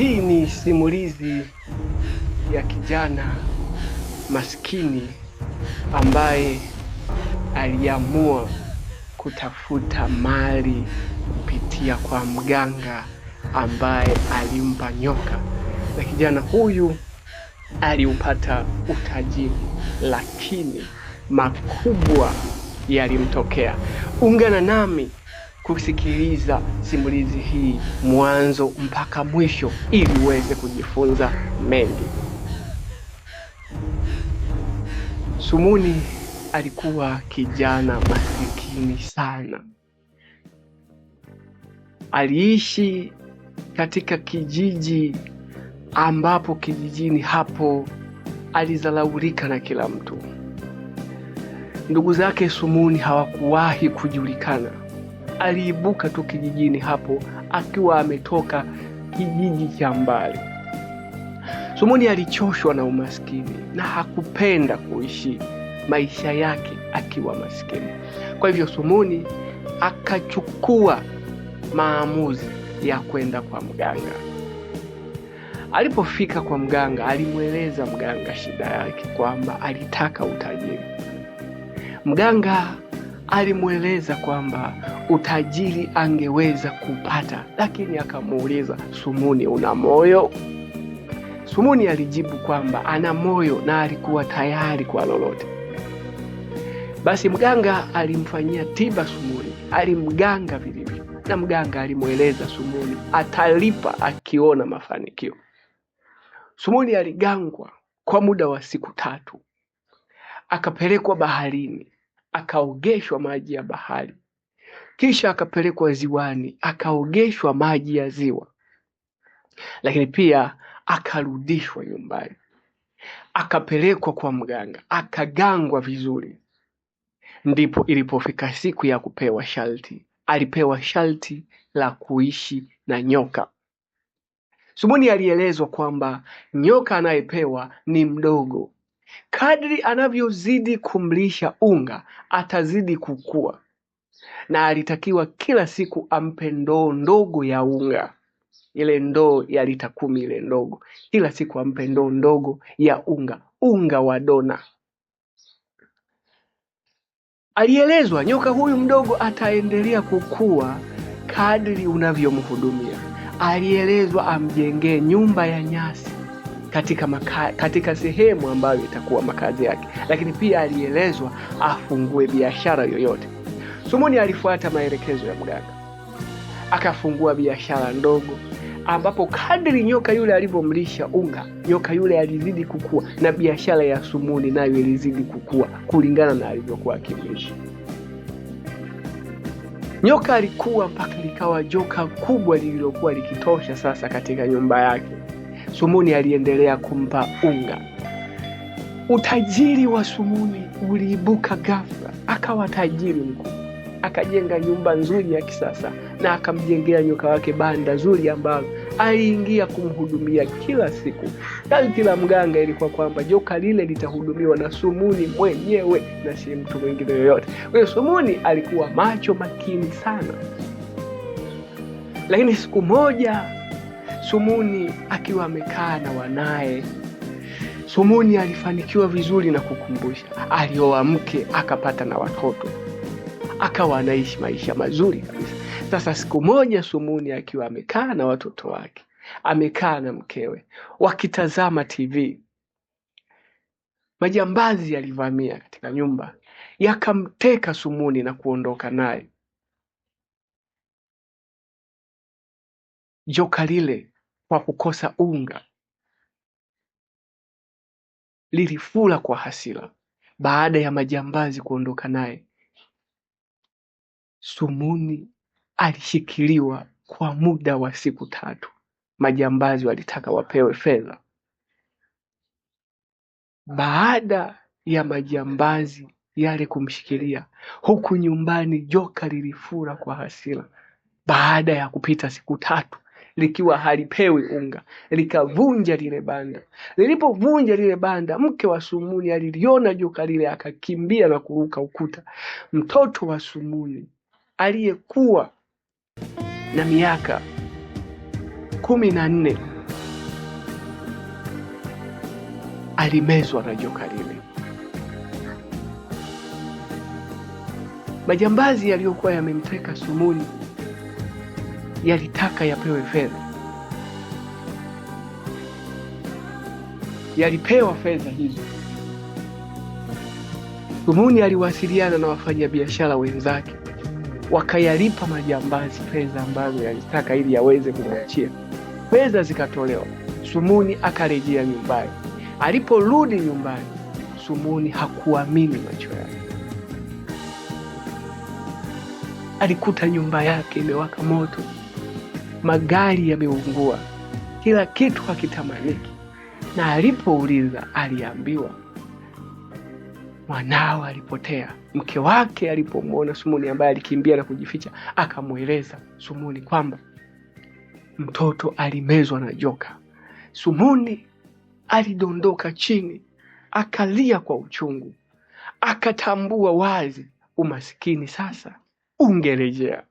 Hii ni simulizi ya kijana maskini ambaye aliamua kutafuta mali kupitia kwa mganga ambaye alimpa nyoka, na kijana huyu aliupata utajiri, lakini makubwa yalimtokea. Ungana nami kusikiliza simulizi hii mwanzo mpaka mwisho ili uweze kujifunza mengi. Sumuni alikuwa kijana masikini sana. Aliishi katika kijiji ambapo kijijini hapo alizalaulika na kila mtu. Ndugu zake Sumuni hawakuwahi kujulikana aliibuka tu kijijini hapo akiwa ametoka kijiji cha mbali. Sumuni alichoshwa na umaskini na hakupenda kuishi maisha yake akiwa maskini. Kwa hivyo Sumuni akachukua maamuzi ya kwenda kwa mganga. Alipofika kwa mganga, alimweleza mganga shida yake kwamba alitaka utajiri. Mganga alimweleza kwamba utajiri angeweza kupata, lakini akamuuliza Sumuni, una moyo? Sumuni alijibu kwamba ana moyo na alikuwa tayari kwa lolote. Basi mganga alimfanyia tiba Sumuni, alimganga vilivyo, na mganga alimweleza Sumuni atalipa akiona mafanikio. Sumuni aligangwa kwa muda wa siku tatu, akapelekwa baharini akaogeshwa maji ya bahari, kisha akapelekwa ziwani akaogeshwa maji ya ziwa, lakini pia akarudishwa nyumbani, akapelekwa kwa mganga, akagangwa vizuri. Ndipo ilipofika siku ya kupewa sharti, alipewa sharti la kuishi na nyoka. Subuni alielezwa kwamba nyoka anayepewa ni mdogo Kadri anavyozidi kumlisha unga atazidi kukua, na alitakiwa kila siku ampe ndoo ndogo ya unga, ile ndoo ya lita kumi ile ndogo, kila siku ampe ndoo ndogo ya unga, unga wa dona. Alielezwa nyoka huyu mdogo ataendelea kukua kadri unavyomhudumia. Alielezwa amjengee nyumba ya nyasi katika, maka, katika sehemu ambayo itakuwa makazi yake, lakini pia alielezwa afungue biashara yoyote. Sumuni alifuata maelekezo ya mganga akafungua biashara ndogo ambapo kadri nyoka yule alivyomlisha unga, nyoka yule alizidi kukua na biashara ya Sumuni nayo ilizidi kukua kulingana na alivyokuwa akimlisha. Nyoka alikuwa mpaka likawa joka kubwa lililokuwa likitosha sasa katika nyumba yake. Sumuni aliendelea kumpa unga. Utajiri wa Sumuni uliibuka ghafla, akawa tajiri mkuu, akajenga nyumba nzuri ya kisasa na akamjengea nyoka wake banda zuri ambalo aliingia kumhudumia kila siku. Sharti yaani la mganga ilikuwa kwamba joka lile litahudumiwa na Sumuni mwenyewe na si mtu mwingine yoyote. Kwa hiyo Sumuni alikuwa macho makini sana, lakini siku moja Sumuni akiwa amekaa na wanaye. Sumuni alifanikiwa vizuri na kukumbusha, alioa mke akapata na watoto, akawa anaishi maisha mazuri kabisa. Sasa siku moja Sumuni akiwa amekaa na watoto wake, amekaa na mkewe wakitazama TV, majambazi yalivamia katika nyumba yakamteka Sumuni na kuondoka naye. Joka lile kwa kukosa unga. Lilifura kwa hasira baada ya majambazi kuondoka naye. Sumuni alishikiliwa kwa muda wa siku tatu. Majambazi walitaka wapewe fedha. Baada ya majambazi yale kumshikilia, huku nyumbani joka lilifura kwa hasira baada ya kupita siku tatu likiwa halipewi unga, likavunja lile banda. Lilipovunja lile banda, mke wa Sumuni aliliona joka lile, akakimbia na kuruka ukuta. Mtoto wa Sumuni aliyekuwa na miaka kumi na nne alimezwa na joka lile. Majambazi yaliyokuwa yamemteka Sumuni yalitaka yapewe fedha, yalipewa fedha hizo. Dhumuni aliwasiliana na wafanyabiashara wenzake, wakayalipa majambazi fedha ambazo yalitaka ili yaweze kumwachia. Fedha zikatolewa, Sumuni akarejea nyumbani. Aliporudi nyumbani, Sumuni hakuamini macho yake. Alikuta nyumba yake imewaka moto magari yameungua, kila kitu hakitamaniki. Na alipouliza aliambiwa mwanao alipotea. Mke wake alipomwona Sumuni ambaye alikimbia na kujificha, akamweleza Sumuni kwamba mtoto alimezwa na joka. Sumuni alidondoka chini akalia kwa uchungu, akatambua wazi umasikini sasa ungerejea.